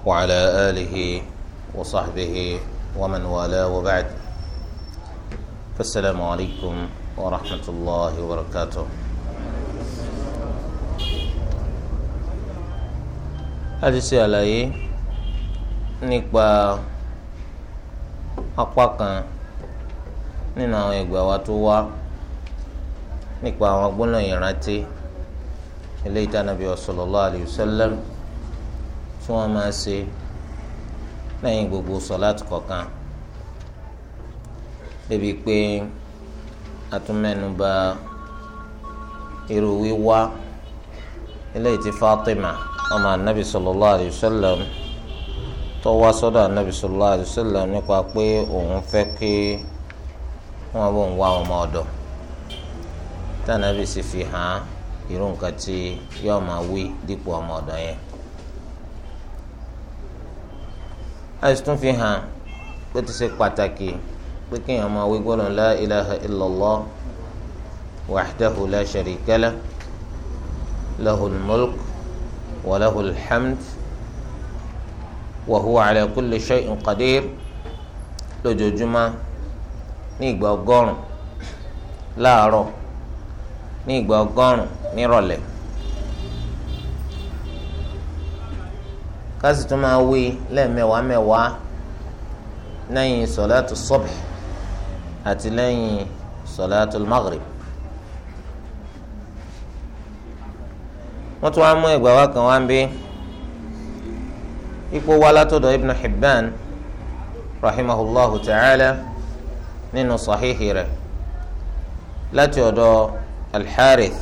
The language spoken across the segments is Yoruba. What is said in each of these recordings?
وعلى آله وصحبه ومن والاه وبعد فالسلام عليكم ورحمة الله وبركاته láti ṣe àlàyé nípa apá kan nínú àwọn ìgbà wa tó wá nípa àwọn gbólóyìn rántí ilé ìtànàbí sallallahu alayhi wa sallam. tí wọ́n máa ṣe lẹ́yìn gbogbo sọ̀láàtì kọ̀ọ̀kan débi pé a tún mẹ́nuba irú wíwá eléyìí tí Fatima ọmọ anabi sallallahu alayhi wa sallam tó wá sọ́dọ̀ anabi sallallahu alayhi nípa pé òun fẹ́ kí wọ́n bò ń wá ọmọ ọdọ tí anabi sì fi hàn irú nǹkan tí yóò máa wí dípò ọmọ ọ̀dọ̀ yẹn. àìsí tún fi hàn pé ti ṣe pàtàkì pé kéèyàn máa wí gbọ́dọ̀ la ilaha illallah wahdahu la sharika lah lahul mulk wa lahul hamd wa huwa ala kulli shay'in qadir lójoojúmọ́ ní ìgbà ọgọ́rùn-ún láàárọ̀ ní ìgbà ọgọ́rùn-ún nírọ̀lẹ́ kásì tún máa wí lẹ́ẹ̀mẹ́wàá mẹ́wàá lẹ́yìn sọ̀láàtù sọ́bẹ̀ àti lẹ́yìn sọ̀láàtù maghrib. wọ́n tún wá mú ìgbà wá kan wá ń bí ipò wá látọ̀dọ̀ ibn hibban rahimahullahu ta'ala nínú sàhíhì rẹ̀ láti ọ̀dọ̀ alḥarith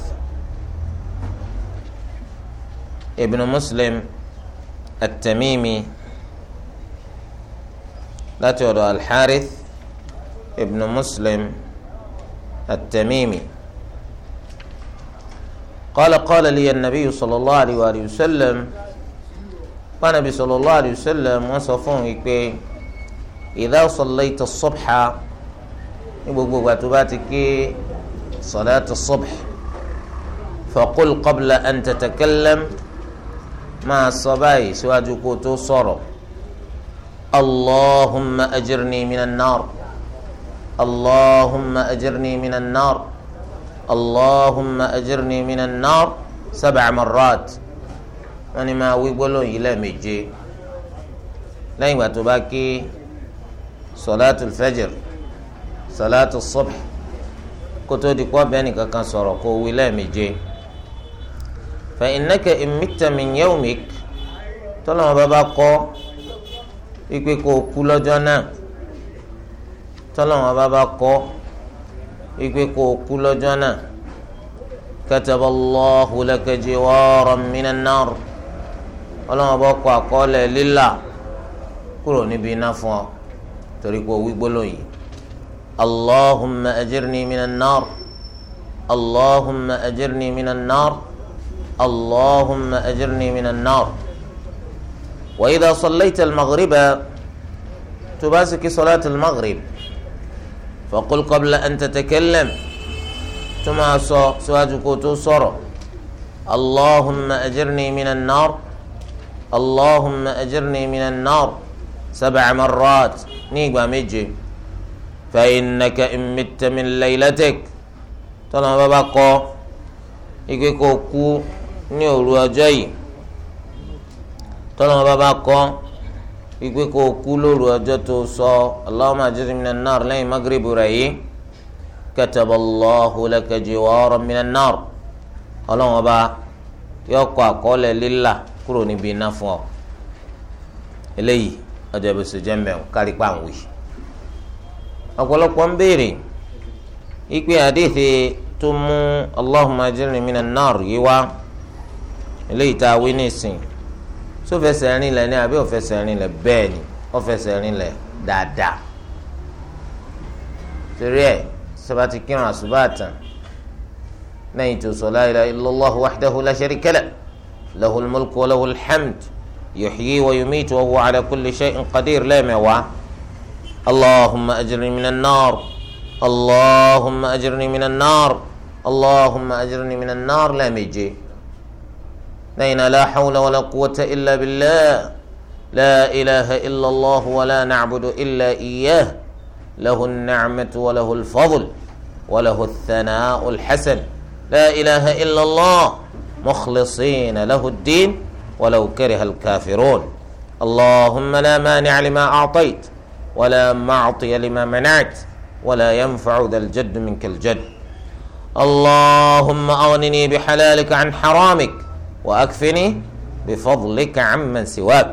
ibn muslim. التميمي لا ọ̀dọ̀ الحارث ابن مسلم التميمي قال قال لي النبي صلى الله عليه وآله وسلم النبي صلى الله عليه وسلم وصفون يكبي إذا صليت الصبح يبقوا باتباتك صلاة الصبح فقل قبل أن تتكلم máa sọ báyìí síwájú kó tó sọ̀rọ̀ allahumma ajirni minan nar allahumma ajirni minan nar allahumma ajirni minan nar sab'a marrat wọ́n ní máa wí gbólóhùn yìí lẹ́ẹ̀méje lẹ́yìn ìgbà tó bá kí sọláàtù fẹjẹr sọláàtù sọbì kótó dikọ́ bẹ́ẹ̀ nìkan kan sọ̀rọ̀ kó wí lẹ́ẹ̀méje fa innaka imita min yawmik tọ́lọ́mọ bàbá kọ́ ipe kò kú lọ́jọ́ náà tọ́lọ́mọ bàbá kọ́ ipe kò kú lọ́jọ́ náà kataballahu laka jiwaran minan nar ọlọ́mọ bá kọ àkọọ́lẹ̀ lílà kúrò níbi iná fún ọ torí pé wí gbólóhùn yìí allahumma ajirni minan nar allahumma ajirni minan nar. اللهم أجرني من النار وإذا صليت المغرب تباسك صلاة المغرب فقل قبل أن تتكلم ثم سواجك تصر اللهم أجرني من النار اللهم أجرني من النار سبع مرات نيقوا مجي فإنك إن مت من ليلتك تلا بابا قو يقول ní òru ọjọ́ yìí tọ́lọ́mọ bàbá kọ́ wípé kó o kú lóru ọjọ́ tó sọ Allahumma ajirni minan nar lẹ́yìn magrebu rẹ̀ yìí kataballahu laka jiwaran minan nar ọlọ́mọ bá yọ kọ àkọọ́lẹ̀ lílà kúrò níbi iná fún ọ eléyìí ọjọ́ ìbùsùn jẹ́ mẹ́rin kárí pàǹwì ọ̀pọ̀lọpọ̀ ń béèrè wípé àdéhìí tó mú Allahumma ajirni minan nar yìí wá eléyìí tá a wí nísìn tó fẹsẹ̀ rìn lẹ̀ ní àbí òfẹsẹ̀ rìn lẹ̀ bẹ́ẹ̀ ni òfẹsẹ̀ rìn lẹ̀ dáadáa torí ẹ̀ sábà ti kírun àṣùbà tán lẹ́yìn tó sọ la ilaha illallah wahdahu la sharika lah lahul mulku wa lahul hamd yuhyi wa yumitu wa huwa ala kulli shay'in qadir lẹ́ẹ̀mẹ̀wàá allahumma ajirni minan nar allahumma ajirni minan nar allahumma ajirni minan nar lẹ́ẹ̀mẹ̀je. اثنين لا حول ولا قوة إلا بالله لا إله إلا الله ولا نعبد إلا إياه له النعمة وله الفضل وله الثناء الحسن لا إله إلا الله مخلصين له الدين ولو كره الكافرون اللهم لا مانع لما أعطيت ولا معطي لما منعت ولا ينفع ذا الجد منك الجد اللهم أغنني بحلالك عن حرامك وأكفني بفضلك bi سواك amma siwak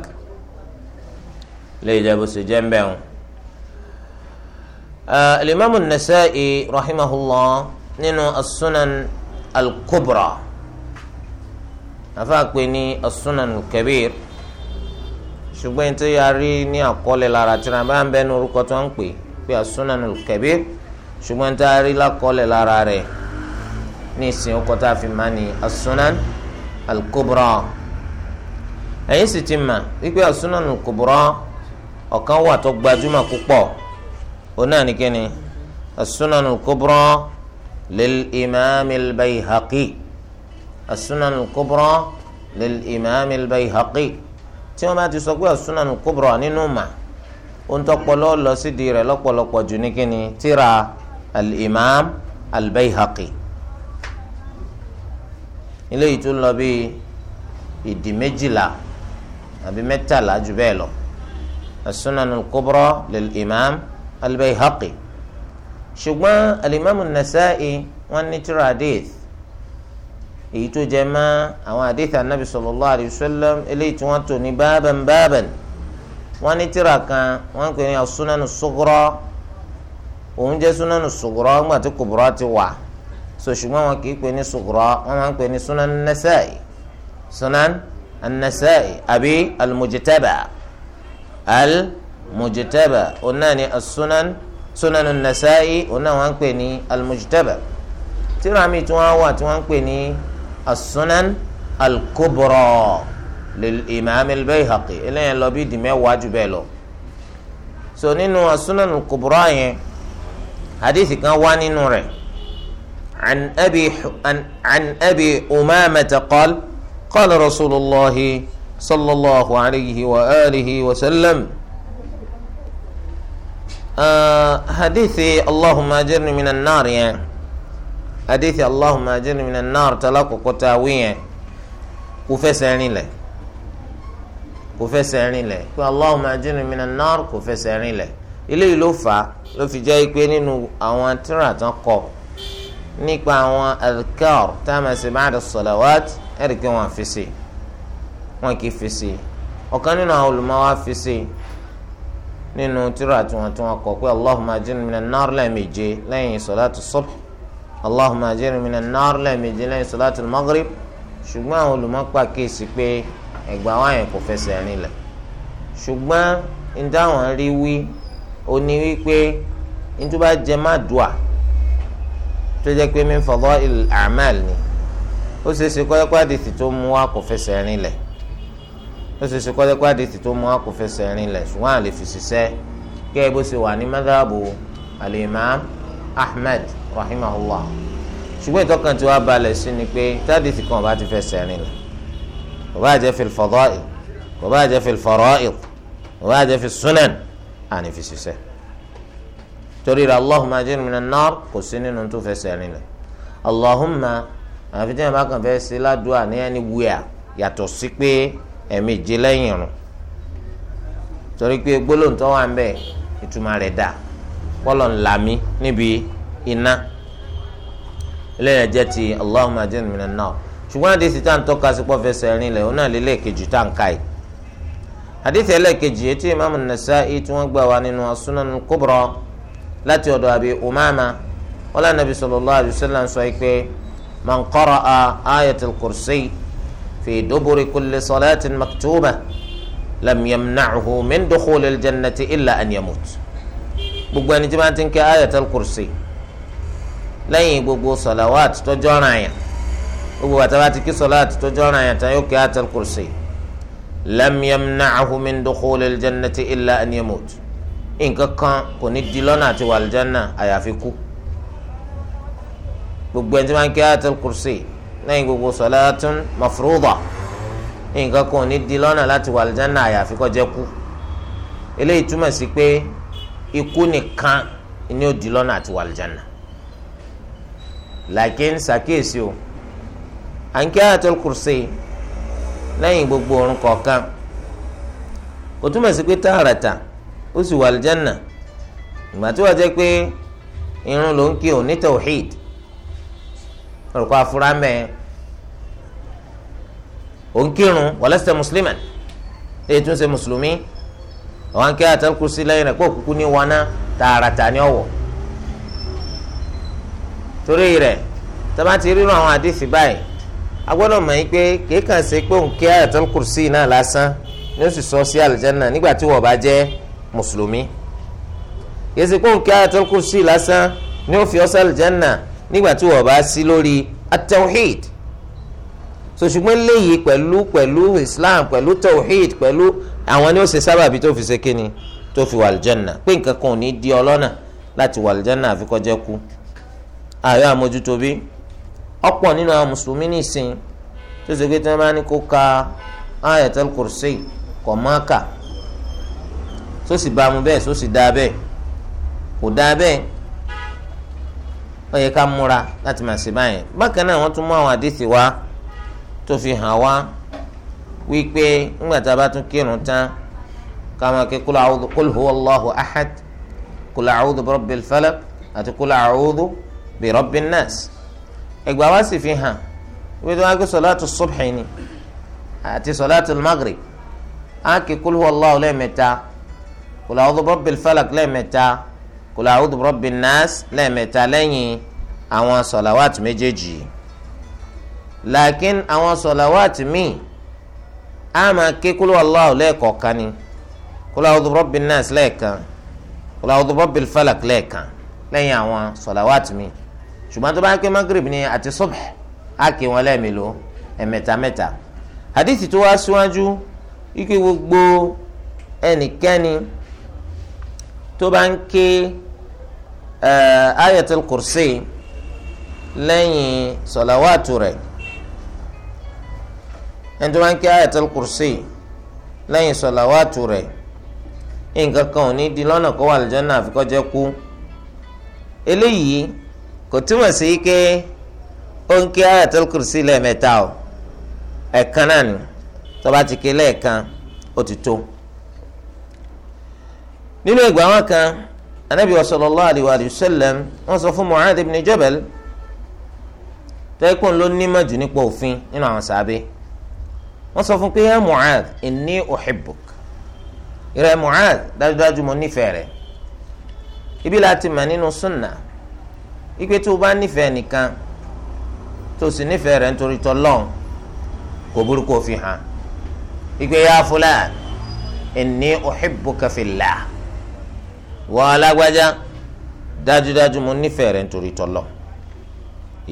lè الإمام النسائي رحمه الله نينو السنن الكبرى أفاقني السنن الكبير ṣùgbọ́n tó yà rí ní àkọọ́lẹ̀ lára tí wọn bá ń bẹnu orúkọ tó ń pè pé as-sunanul kabir ṣùgbọ́n tó yà rí lákọọ́lẹ̀ lára rẹ̀ ní ìsìn ọkọ̀ tá a fi máa ní as al-kubra ẹ̀yin sì ti mà wípé as-sunan al-kubra ọ̀kan wà tó gbajúmọ̀ púpọ̀ òun náà nìkẹ́ni as-sunan al-kubra lil imam al-bayhaqi as-sunan al-kubra lil imam al-bayhaqi tí wọ́n bá ti sọ pé as-sunan nínú mà ó ń tọpọlọ lọ sídìí rẹ̀ lọ́pọ̀lọpọ̀ jù nìkẹ́ni tíra al-imam al-bayhaqi. Al eléyìí tó lọ bíi ìdí méjìlá àbí mẹ́tàlá jù bẹ́ẹ̀ lọ as-sunanul kubra lil imam al-bayhaqi ṣùgbọ́n al-imam an-nasa'i wọn ní tírà hadith èyí tó jẹ mọ́ àwọn hadith anabi sallallahu alayhi wa sallam eléyìí tí wọ́n tò ní bábàn bábàn wọn ní tírà kan wọ́n pè ní as-sunanus òun jẹ́ sunanus sughra ńgbà tí kubra ti wà so ṣùgbọ́n wọn kì í pè ní sugra wọn máa ń pè ní sunan nasai sunan nasai àbí almujitaba almujitaba òun náà ni sunan sunan nasai òun náà wọn ń pè ní almujitaba tíra mi tí wọn wà tí wọn ń ní sunan alkubra lil imam lọ bí dìmẹ́wàá jù bẹ́ẹ̀ lọ so nínú sunan alkubra yẹn hadithi kan wá nínú rẹ̀. عن أبي عن, عن أبي أمامة قال قال رسول الله صلى الله عليه وآله وسلم آه حديث اللهم أجرني من النار يعني حديث اللهم أجرني من النار تلقى قتاوية وفسعني له kò fẹsẹ̀ rin lẹ̀ pé Allahumma ajirni minan nar له fẹsẹ̀ rin lẹ̀ eléyìí ló fà á ló fi nípa àwọn adhkar tá a máa ṣe ba'da salawat ẹ̀rì kí wọ́n fi ṣe wọ́n kì í fi ṣe ọ̀kan nínú àwọn olùmọ́wá fi ṣe nínú tírà tiwọn tí wọ́n kọ pé allahumma ajirni minan nar lẹ́ẹ̀méje lẹ́yìn salatu subh allahumma ajirni minan nar lẹ́ẹ̀méje lẹ́yìn salatu maghrib ṣùgbọ́n àwọn olùmọ́pà kéèsì pé ẹ̀gbà wáyẹn kò fẹsẹ̀ rinlẹ̀ ṣùgbọ́n ní táwọn rí wí ó ní ní tó bá jẹ má dùà tó jẹ́ pé min fadail a'mal ni ó ṣe é ṣe kọ́lẹ́kọ́ àdìsí tó mú wa kò fẹsẹ̀ rin lẹ̀ ó ṣe é ṣe kọ́lẹ́kọ́ àdìsí tó mú wa kò fẹsẹ̀ rin lẹ̀ ṣùgbọ́n àlè fi ṣiṣẹ́ gẹ́gẹ́ bó ṣe wà ní madhabu al ahmed rahimahullah ṣùgbọ́n ìtọ́kàn tí wàá balẹ̀ sí ni pé tádìsí kan bá ti fẹsẹ̀ rin lẹ̀ kò bá jẹ́ fil fadail kò bá jẹ́ fil fara'id kò bá jẹ́ fil sunan àní fi ṣiṣẹ́ torí ra allahumma ajirni minan nar kò sí nínú tó fẹsẹ̀ rìn lẹ̀ allahumma àfi tí yẹn bá kàn fẹ́ ṣe ládùúà ní ẹni wíà yàtọ̀ sí pé ẹ̀ẹ̀mejì lẹ́yìn irun torí pé gbólóhùn tó wà ń bẹ̀ ìtumọ̀ rẹ̀ dà pọ́lọ̀ ńlá mi níbi iná eléyàn jẹ́ ti allahumma ajirni minan nar ṣùgbọ́n àdìsí tá à ń tọ́ka sí pọ́ fẹsẹ̀ rìn lẹ̀ òun náà lélẹ́ẹ̀kejì tá à ń ka yìí àdìsí ẹlẹ́ẹ̀kejì etí imaamu nasa'i tí wọ́n gbà wá nínú asunan kubra láti ọ̀dọ̀ àbí umama wọlé anabi nàbí sallallahu alaihi wasallam sọ pé man a ayatul kursi fi duburi kulli salatin maktuba lam yamna'hu min dukhulil jannati illa an yamut gbogbo ẹni tí wọ́n ti ń kẹ́ ayatul kursi lẹ́yìn gbogbo salawat tó jọ́ra yẹn gbogbo àtàwọn àti kí salawat tó jọ́ra yẹn tán yóò kẹ́ ayatul kursi lam yamna'hu min dukhulil jannati illa an yamut. nǹkan kan kò ní di lọ́nà àti wàlìjánà àyàfi kú gbogbo ẹni tí wọ́n ń kí ayatul kursi lẹ́yìn gbogbo salatun mafruda nǹkan kan ò ní di lọ́nà láti wàlìjánà àyàfi kú eléyìí túmọ̀ sí pé ikú nìkan ni ó di lọ́nà àti wàlìjánà làkín sàkíyèsí o à ń kí ayatul kursi lẹ́yìn gbogbo orun kọ̀ọ̀kan kò túmọ̀ sí pé ó sì wà àlùjánnà ìgbà tí wọ́n jẹ́ pé irun ló ń kí òun ní tawhid olùkọ́ afurá mẹ́ẹ̀ òun kírun walasta musliman èyí tún ṣe mùsùlùmí àwọn akẹ́ lẹ́yìn rẹ̀ ní wọná tààràtà ní ọ̀wọ̀ torí rẹ̀ tọ́ba ti àwọn àdìsí báyìí a gbọ́dọ̀ mọ̀ yín pé kéèkàn ṣe mùsùlùmí yẹsi kó nkẹ́ ayatul kursi lásán ní ó fi ọ́ sálì jẹ́nà nígbà tí wọ́n bá sí lórí atawhid so ṣùgbọ́n léyìí pẹ̀lú pẹ̀lú islam pẹ̀lú tawhid pẹ̀lú àwọn ni ó ṣe sábàbí tó fi ṣe kíni tó fi wà lìjẹ́nà pé nǹkan kan ò ní di ọlọ́nà láti wà lìjẹ́nà àfikọ́jẹ́ kú ààyò àmójútó bí ọ̀pọ̀ nínú àwọn mùsùlùmí nìsín tó ṣe pé tí wọ́n bá ní kó ka ayatul kursi kọ̀ máa kà sósì bá mu bẹ́ẹ̀ sósì dáa bẹ́ẹ̀ kò dáa bẹ́ẹ̀ ó yẹ ká múra láti máa ṣe báyẹn bákan náà wọ́n tún mú àwọn àdìsí wa tó fi hàn wá wípé ńgbà tá a bá tún kírun tán ká máa ké kúlọ̀ àwùdù kúlù hu allahu ahad kúlọ̀ àwùdù bi rabbil falaq àti kúlọ̀ àwùdù bi rabbin nas ẹgbàá wa sì fi hàn wípé wọn ké sọláàtù subhi ni àti sọláàtù magrib á ké kúlù hu allahu lẹ́ẹ̀mẹ́ta kul a'udhu birabbil falak lẹ́ẹ̀mẹ́ta kul a'udhu birabbin nas lẹ́ẹ̀mẹ́ta lẹ́yìn àwọn sọ̀làwàtì méjèèjì làákín àwọn sọ̀làwàtì míì á máa ké kul wallahu lẹ́ẹ̀kọ̀ọ̀kan ni kul a'udhu birabbin nas lẹ́ẹ̀kan kul a'udhu birabbil falak lẹ́ẹ̀kan lẹ́yìn àwọn sọ̀làwàtì míì ṣùgbọ́n tó bá ń ké magrib ni àti subh á ké wọn lẹ́ẹ̀mélòó ẹ̀mẹ́ta mẹ́ta hadithi tó wá síwájú ikú gbogbo ẹnikẹ́ni tó bá ń ké ayatul kursi lẹ́yìn sọ̀làwàtú rẹ̀ ẹni tó bá ń ké ayatul kursi lẹ́yìn sọ̀làwàtú rẹ̀ nǹkan kan ò ní di lọ́nà kó wà lójọ́ náà àfikọ́ kú eléyìí kò túmọ̀ sí ké ó ń ké ayatul kursi lẹ́ẹ̀mẹ́ta o ẹ̀ẹ̀kan náà ni tó bá ti ké lẹ́ẹ̀kan ó ti tó nínú ẹgbẹ́ àwọn kan anabi sallallahu alayhi wa sallam wọ́n sọ fún mu'adh ibn jabal tẹ́kùn ló nímọ̀ jù nípa òfin nínú àwọn sàbẹ̀ wọ́n sọ fún pé ya mu'adh inni uhibbuk ìrẹ mu'adh dájúdájú mo nífẹ̀ẹ́ rẹ̀ ibi láti mọ̀ nínú sunna ipe tó o bá nífẹ̀ẹ́ nìkan tó o sì nífẹ̀ẹ́ rẹ̀ nítorí tọ́lọ́n kò burúkú òfin hàn ipe ya fulan inni uhibbuka fillah wọ́n alágbájá dájúdájú mo nífẹ̀ẹ́ rẹ̀ nítorí tọ́lọ̀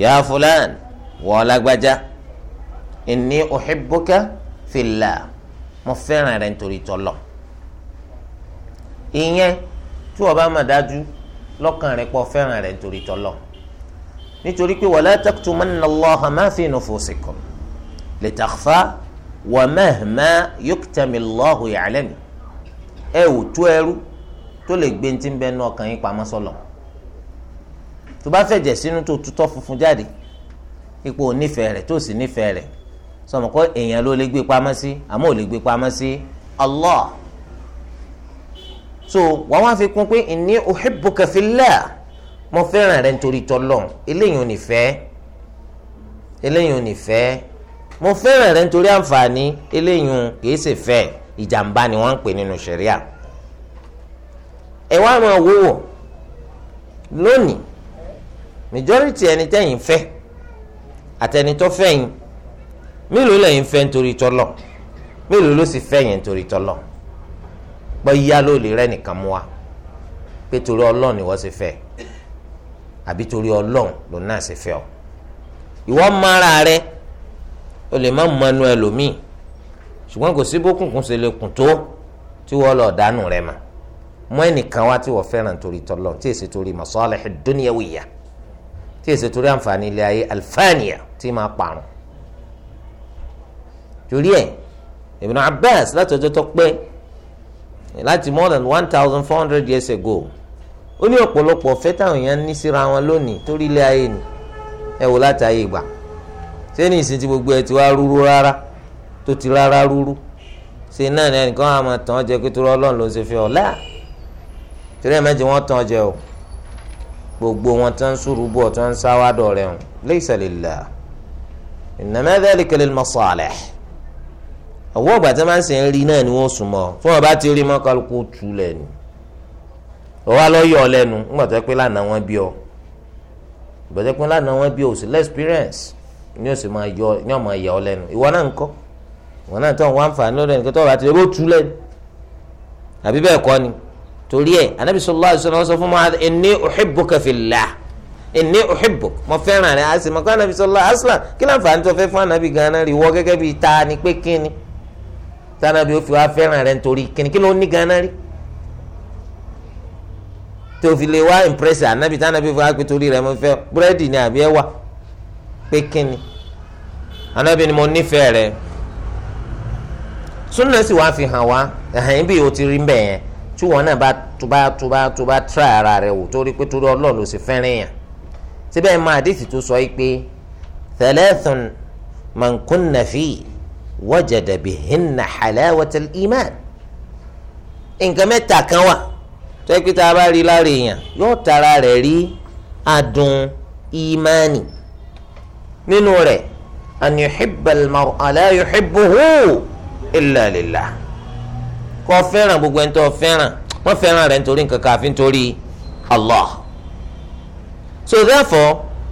yà fúlàn wọ́n alágbájá inni uhibbuka fillah mo fẹ́ràn rẹ̀ nítorí tọ́lọ̀ ìyẹn tí wọ́n bá mọ̀ dájú lọ́kàn rẹ̀ pọ̀ fẹ́ràn rẹ̀ nítorí tọ́lọ̀ nítorí pé wala taktumanna Allaha ma fi nufusikum litakhfa wa mahma yuktami Allahu ya'lam ẹ ò tó ẹrú tó lè gbé ntí bẹ́ẹ̀ náà kàn yín pamọ́ sọ́lọ̀ tó bá fẹ̀jẹ̀ sínú tó tutọ́ funfun jáde ipò nífẹ̀ẹ́ rẹ̀ tó sì nífẹ̀ẹ́ rẹ̀ sọmọ kọ́ èèyàn ló lè gbé pamọ́ sí àmọ́ ò lè gbé pamọ́ sí Allah so wọ́n wá fi kún pé inni uhibbuka fillah mo fẹ́ràn rẹ nítorí tọ́lọ́n eléyìí ò ní fẹ́ eléyìí ò ní fẹ́ mo fẹ́ràn rẹ nítorí àǹfààní eléyìí kìí ṣe fẹ́ ìjàmbá ni wọ́n ń pè nínú ṣẹ̀ríà. No ẹ wá máa wò wọ̀ lónìí majority ẹni tẹ́yìn fẹ́ àtẹnitọ́ fẹ́yìn mélòó lẹ́yìn fẹ́ nítorí tọ́lọ̀ mélòó ló sì fẹ́yìn nítorí tọ́lọ̀ pọ́ yíyá ló lè rẹ́ nìkan mú wa pé torí ọlọ́run ni wọ́n ṣe fẹ́ àbí torí ọlọ́run ló náà ṣe fẹ́ ọ ìwọ mara rẹ o lè má mọnu ẹlòmíì ṣùgbọ́n kò sí bókùnkùn ṣe lè kùn tó tí wọ́n lọ dánù rẹ mà mọ ẹnìkan wá tí wọ́n fẹ́ràn torí tọ́lọ̀ tí èsì torí masalih dunyawiyya tí èsì torí àǹfààní ilé ayé alfaniya tí máa parun torí ẹ Ibn Abbas láti ọjọ́ tó pẹ́ láti more than one thousand four hundred years ago ó ní ọ̀pọ̀lọpọ̀ ọ̀fẹ́ táwọn èèyàn ní síra wọn lónìí torí ilé ayé ni ẹ wò láti ayé ìgbà ṣé ní ìsìn tí gbogbo ẹ ti wá rúru rárá tó ti rárá rúru ṣe náà ni ẹnìkan àmọ̀ tán jẹ́ pé torí ọlọ́run ló ń ṣe fi ọ̀la. torí ẹ̀ wọ́n tán jẹ o gbogbo wọn tán ń sùúrù bọ̀ tó ń sáwádọ̀ rẹ̀ lè laysa lillah innama dhalika ọwọ́ ọgbà tí wọ́n máa ń rí náà ni wọ́n sùn mọ́ wọ́n bá rí mọ́ ọ pé lánàá wọn bí ọ pé lánàá wọn bí ọ sí ni ó sì máa yọ ni ó máa ọ lẹ́nu ìwọ náà ń kọ́ ìwọ náà ni torí ẹ anabi sallallahu alaihi wasallam fún mu'adh inni uhibbuka fillah inni uhibbuk mo fẹ́ràn rẹ àti mọ̀kọ́ anabi sallallahu alaihi wasallam kí láǹfààní tó fẹ́ fún anabi ganan rí wọ́ gẹ́gẹ́ bíi ta ni pé kíni tanabi ó fi wá fẹ́ràn rẹ nítorí kíni kí ló ní ganan rí tí o fi lè wá ìmpírẹ́sì anabi tanabi fi wá pé torí rẹ mo fẹ́ búrẹ́dì ni àbí ẹwà pé kíni anabi ni mo nífẹ̀ẹ́ rẹ súnà sì wá fi hàn wá ẹ̀hìn bí o ti rí mbẹ̀ yẹn tí wọn náà bá tuba tuba tuba tra ara rẹ wò torí pé torí ọlọ́ọ̀ ló sì fẹ́ràn yàn síbẹ̀ máa àdìsí tó sọ yìí pé thalathun man kunna fi wajada bihinna halawatal iman nǹkan mẹ́ta kan wà tó yẹ pé tá a bá rí lára èèyàn yóò tara rẹ̀ rí adùn ìmánì nínú rẹ̀ an yuhibbal mar'a kọ fẹ́ràn gbogbo ẹni tó fẹ́ràn wọ́n fẹ́ràn rẹ̀ nítorí nǹkan kan àfi nítorí Allah so therefore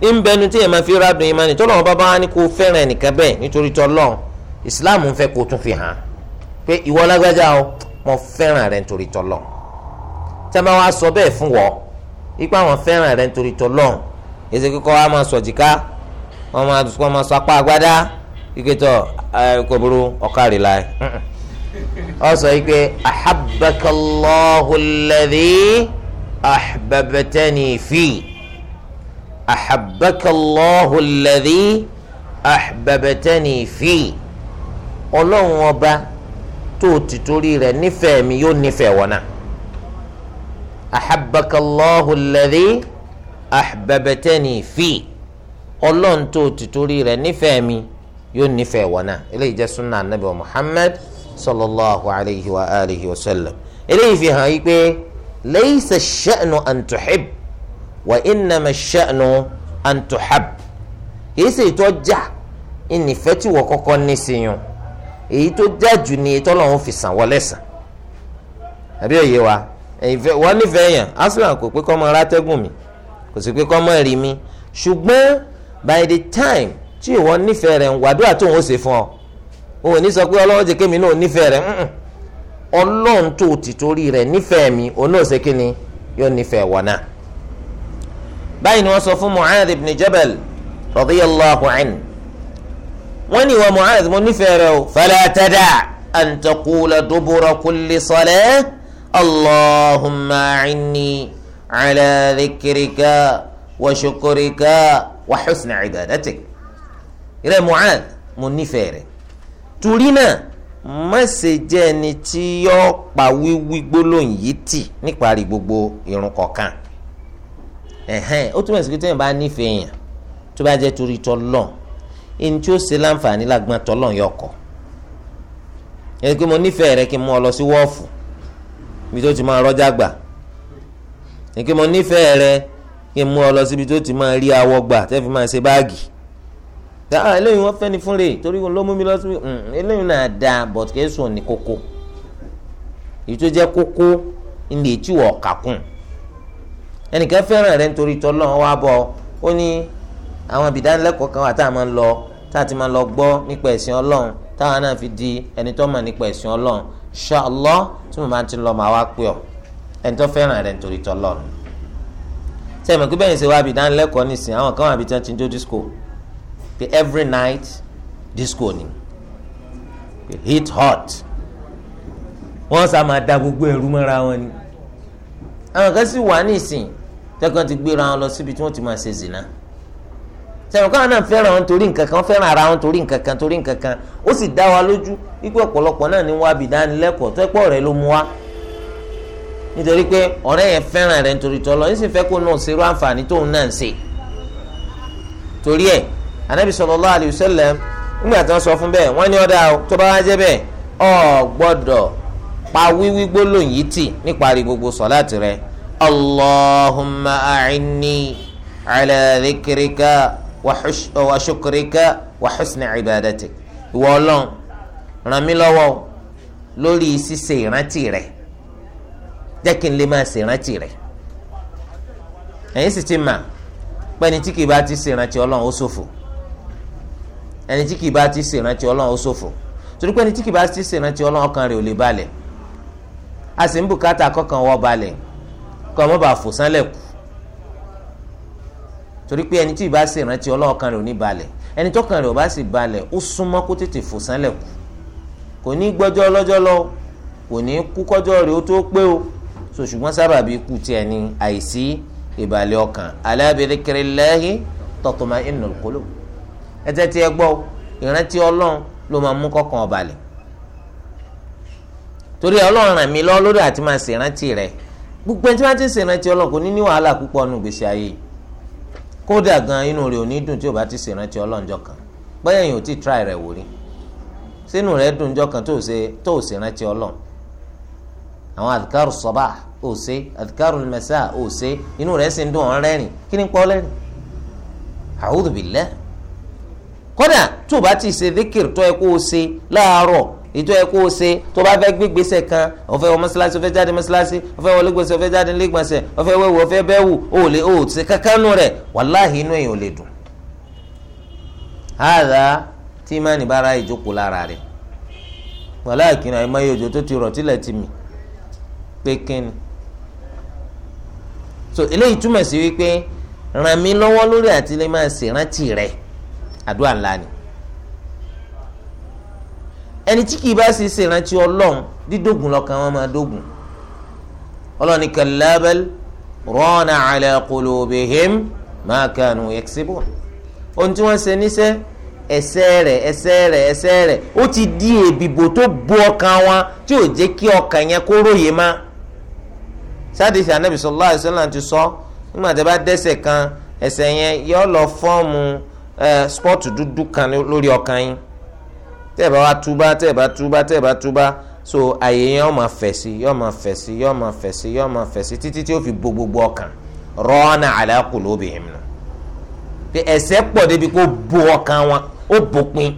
ìbẹnu tí yẹn máa fi rádùn yìí máa ní tọ́lọ́wọ́n bá bá wá ní kó fẹ́ràn ẹnìkan bẹ́ẹ̀ nítorí tọ́lọ́n ìsìláàmù ń fẹ́ kó tún fi hàn pé ìwọ lágbájá o mo fẹ́ràn rẹ̀ nítorí tọ́lọ́n tí a bá wá sọ bẹ́ẹ̀ fún wọ́ ipá wọn fẹ́ràn rẹ̀ nítorí tọ́lọ́n èsì kíkọ́ wa máa sọ jìká máa sọ apá agbádá ìgbẹ́tọ̀ ọ̀kárìlá ẹ̀ ọ sọ yìí pé ahabakallahu alladhi ahbabtani fi ahabakallahu alladhi ahbabtani fi ọlọ́run ọba tó ti torí rẹ̀ nífẹ̀ẹ́ mi yóò nífẹ̀ẹ́ wọ́n náà ahabakallahu alladhi ahbabtani fi ọlọ́run tó ti torí rẹ̀ nífẹ̀ẹ́ mi yóò nífẹ̀ẹ́ wọ́n náà eléyìí jẹ́ sunna anabi muhammad sallallahu alayhi wa alihi wa sallam eléyìí fi hàn yí pé laysa ash-sha'nu an tuhib wa innama ash-sha'nu an tuhab kìí ṣe ìtọ́jà ìnífẹ́ tí wọ́n kọ́kọ́ ní sèyàn èyí tó dájú ni ètò ọlọ́run fi sàn wọlé sàn àbí òye wa wọ́n nífẹ̀ẹ́ yàn aslan kò pé kọ́ mọ arátẹ́gùn mi kò sì pé kọ́ mọ rí mi ṣùgbọ́n by the time tí ìwọ nífẹ̀ẹ́ rẹ̀ ń wàdúrà tó ń ṣe fún ọ o ní sọ pé ọlọ́wọ́ jẹ́ kémi náà nífẹ̀ẹ́ rẹ̀ ọlọ́run tó ti torí rẹ̀ nífẹ̀ẹ́ mi òun náà ṣe kí ni yóò nífẹ̀ẹ́ wọ̀ náà. báyìí ni wọ́n sọ fún Mu'adh ibn Jabal radiyallahu anhu wọ́n ní ìwọ Mu'adh mo nífẹ̀ẹ́ rẹ̀ o fala tada' dubura kulli salah allahumma a'inni ala dhikrika wa shukrika wa husni ibadatik. ìrẹ́ Mu'adh mo nífẹ̀ẹ́ rẹ̀ torí náà má ṣe jẹ́ ẹni tí yóò pa wíwí gbólóhùn yìí tì níparí gbogbo irun kọ̀ọ̀kan ẹ̀hẹ́n ó túmọ̀ sí pé tẹ́yìn bá nífẹ̀ẹ́ yàn tó bá jẹ́ torí tọ́lọ̀ ẹni tí ó ṣe láǹfààní lágbọ́n tọ́lọ̀ yóò kọ́ ẹni pé mo nífẹ̀ẹ́ rẹ kí n mú ọ lọ sí wọ́ọ̀fù ibi tó ti máa rọ́jà gbà ẹni pé mo nífẹ̀ẹ́ rẹ kí n mú ọ lọ síbi tó ti máa rí awọ gbà tẹ́ fi máa ṣe báàgì ah eléyìí wọ́n fẹ́ ni fún rèé torí wọn ló mú mi lọ sí hmm, eléyìí náà da but kẹsùn ní kókó èyí tó jẹ́ kókó ní etí wọ̀ kàkùn ẹnìkan fẹ́ràn rẹ nítorí tọ́lọ́ wa bọ̀ ó ní àwọn ìdánilẹ́kọ̀ọ́ kan wà tá a máa ń lọ tá a ti máa lọ gbọ́ nípa ẹ̀sìn ọlọ́run táwa náà fi di ẹni tó mọ̀ nípa ẹ̀sìn ọlọ́run ṣàlọ́ tí mo máa ti lọ màá wá pé ọ ẹni tó fẹ́ràn rẹ nítorí tọ́lọ́run sẹ́mi kí bẹ́ẹ̀ ń ṣe wá ìdánilẹ́kọ̀ọ́ nísìnyí àwọn kan wà bí tí wọ́n ti ń jó disco pé every night disco ni pé hit hot wọ́n sá máa da gbogbo ẹ̀rú mọ́ra wọn ni àwọn kan sì wà ní ìsìn tẹ́kàn ti gbéra wọn lọ síbi tí wọ́n ti máa ṣe zina sẹ́wọ̀n káwọn náà fẹ́ràn wọn torí nǹkan kan wọ́n fẹ́ràn ara wọn torí nǹkan kan torí nǹkan kan ó sì dá wa lójú wípé ọ̀pọ̀lọpọ̀ náà ni wọ́n á bì dánilẹ́kọ̀ọ́ tẹ́pọ̀ rẹ̀ ló mú wa nítorí pé ọ̀rẹ́ yẹn fẹ́ràn rẹ̀ nítorí tọ́lọ́ yín sì fẹ́ kó náà ṣerú àǹfààní tóun náà ń ṣe torí ẹ̀ anabi sallallahu alayhi wa sallam nígbà tí wọ́n sọ fún bẹ́ẹ̀ wọ́n ní ọ̀dà tó bá wá jẹ́ bẹ́ẹ̀ ọ̀ gbọ́dọ̀ pa wíwí gbólóhùn yìí tì níparí gbogbo sọ̀láàtì rẹ̀ allahumma a'inni ala dhikrika wa shukrika wa husni ibadatik ìwọ ọlọ́run ràn mí lọ́wọ́ lórí ṣíṣe ìrántí rẹ̀ jẹ́ kí n lè máa ṣèrántí rẹ̀ ẹ̀yin sì ti mà pẹ́ni tí kì bá ti ṣèrántí ọlọ́run ó ṣòfò. So ẹni tí kìí bá ti ṣèrántí ọlọ́run ó ṣòfò torí pé ẹni tí kìí bá ti ṣèrántí ọlọ́run ọkàn rẹ̀ ò lè balẹ̀ a sì ń bùkátà kọ́kàn wọ́ balẹ̀ kọ́ ọmọ bá fò sánlẹ̀ kù torí pé ẹni tí ìbá ṣèrántí ọlọ́run ọkàn rẹ̀ ò ní balẹ̀ ẹni tọ́kàn rẹ̀ ò bá sì balẹ̀ ó súnmọ́ kó tètè fò sánlẹ̀ kù kò ní gbọ́jọ́ lọ́jọ́ lọ kò ní kú kọ́jọ́ rẹ̀ ó tó pé o so ṣùgbọ́n sábàbí ikú tiẹ̀ ni àìsí ìbàlẹ̀ ọkàn ala bi dhikrillahi tatma'innul qulub ẹtẹ tí ẹ gbọ́ ìrántí Ọlọ́run ló máa mú kọkàn balẹ̀ torí Ọlọ́run ràn mí lọ lórí àti máa ṣèrántí rẹ̀ gbogbo ẹni tí wọ́n ti ṣèrántí Ọlọ́run kò ní ní wàhálà púpọ̀ nù gbèsè ayé kódà gan inú rẹ̀ ò ní dùn tí ò bá ti ṣèrántí Ọlọ́run jọ kan bẹ́ẹ̀ yìí ò tí tíra rẹ̀ wò rí sínú rẹ̀ dùn jọ kan tó ṣe tó ṣèrántí Ọlọ́run àwọn àdìkárù sọ́bà ò ṣe àdìkárù mẹ́sà ò ṣe inú rẹ̀ sì ń dùn ọ̀rẹ́rìn kí ni pọ́ lẹ́rìn a'udhu billah kódà tó o bá ti ṣe díkìrì tó yẹ kó o ṣe láàárọ̀ ìtọ́ ẹ kó o ṣe tó bá fẹ́ gbé gbèsè kan o fẹ́ wọ mọ́ṣáláṣí o fẹ́ jáde mọ́ṣáláṣí o fẹ́ wọlé gbèsè o fẹ́ jáde nílé gbọ̀nsẹ̀ o fẹ́ wẹ̀wù o fẹ́ bẹ́wù o ò lè o ò ṣe kankan nù rẹ̀ wàláhì inú èèyàn ò lè dùn. àdá tí imáni bá ra ìjókòó lára rẹ̀ wàláhì ẹ̀ máa yọ òjò tó ti rọ̀ tílẹ̀ ti mì pé kíni. so eléyìí túmọ̀ sí wípé ràn mí lọ́wọ́ lórí àtìlẹ́ máa ṣèrántí rẹ̀ àdúrà ńlá ni ẹni tí kìí bá sì ṣèrántí ọlọ́run dídógùn lọ́kàn wọn máa dógùn ọlọ́run ní kalla bal rana ala qulubihim ma kanu yaksibun ohun tí wọ́n ṣe níṣẹ́ ẹ̀ṣẹ̀ rẹ̀ ẹ̀ṣẹ̀ rẹ̀ ẹ̀ṣẹ̀ rẹ̀ ó ti di èbìbò tó bo ọkàn wọn tí ò jẹ́ kí ọkàn yẹn kó róye má sádìsì anabi sallallahu alaihi wasallam sọ nígbà tí a bá dẹ́ṣẹ̀ kan ẹ̀ṣẹ̀ yẹn yọ lọ fọ́ọ̀mù ẹ spọ́ọ̀tù dúdú kan lórí ọkàn yín tẹ́ ẹ̀ bá wá túbá tẹ́ bá túbá tẹ́ bá túbá so àyè yẹn ó máa fẹ̀ sí yó máa fẹ̀ sí yó máa fẹ̀ sí yó máa fẹ̀ sí títí tí ó fi gbogbogbò ọkàn rọ́ọ̀nà ala qulubihim nù pé ẹ̀ṣẹ̀ pọ̀ débi kó bo ọkàn wọn ó bópin